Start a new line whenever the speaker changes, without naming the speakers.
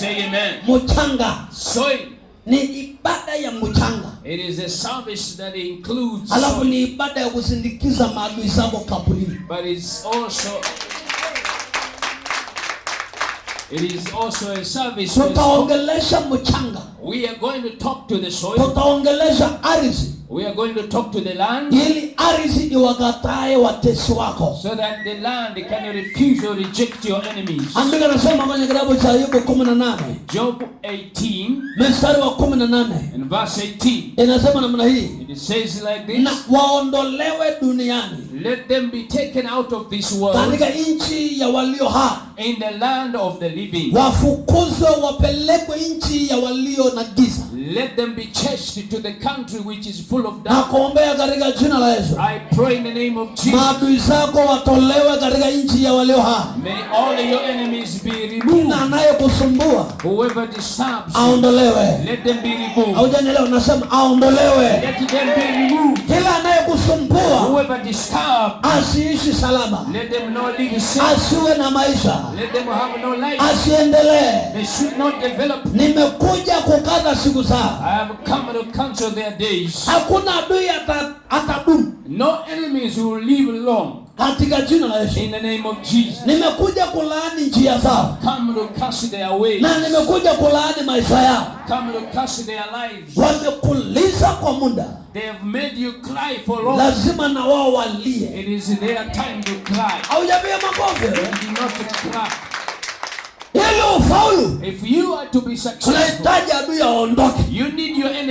Say amen.
Muchanga. Soil. Ni ibada ya mchanga.
It is a service that includes.
Alafu ni ibada ya kusindikiza maadui zako kaburini.
But it's also It is also a service.
Tutaongelesha mchanga.
We are going to talk to the soil.
Tutaongelesha ardhi.
We are going to talk to the land.
Ili ardhi iwakatae watesi wako.
So that the land can refuse or reject your enemies.
Andika nasema kwenye kitabu cha Ayubu 18.
Job 18.
Mstari wa 18.
In verse 18.
Inasema namna hii.
It says like this.
Na waondolewe duniani.
Let them be taken out of this world.
Katika nchi ya walio hai.
In the land of the living.
Wafukuzwe wapelekwe nchi ya walio na giza.
Let them be chased to the country which is full of
darkness. katika jina la Yesu.
I pray in the name of
Jesus. watolewe katika nchi ya walio hai.
May all your enemies be
removed.
whoever disturbs,
aondolewe. Let them be removed. nasema aondolewe.
Let them be
removed.
whoever disturbs
Asiishi salama, asiwe na maisha, asiendelee. Nimekuja kukata siku zao. Hakuna adui atadumu.
No enemies will live long
katika jina la Yesu.
In the name of Jesus.
Nimekuja kulaani njia zao.
Come to cast their ways.
Na nimekuja kulaani maisha yao.
Come to cast their lives.
Wamekuliza kwa muda.
They have made you cry for long.
Lazima na wao walie.
It is their time to cry.
Haujabia makofi.
You not to cry.
Hello, faulu.
If you are to be successful.
Unahitaji adui aondoke.
You need your enemy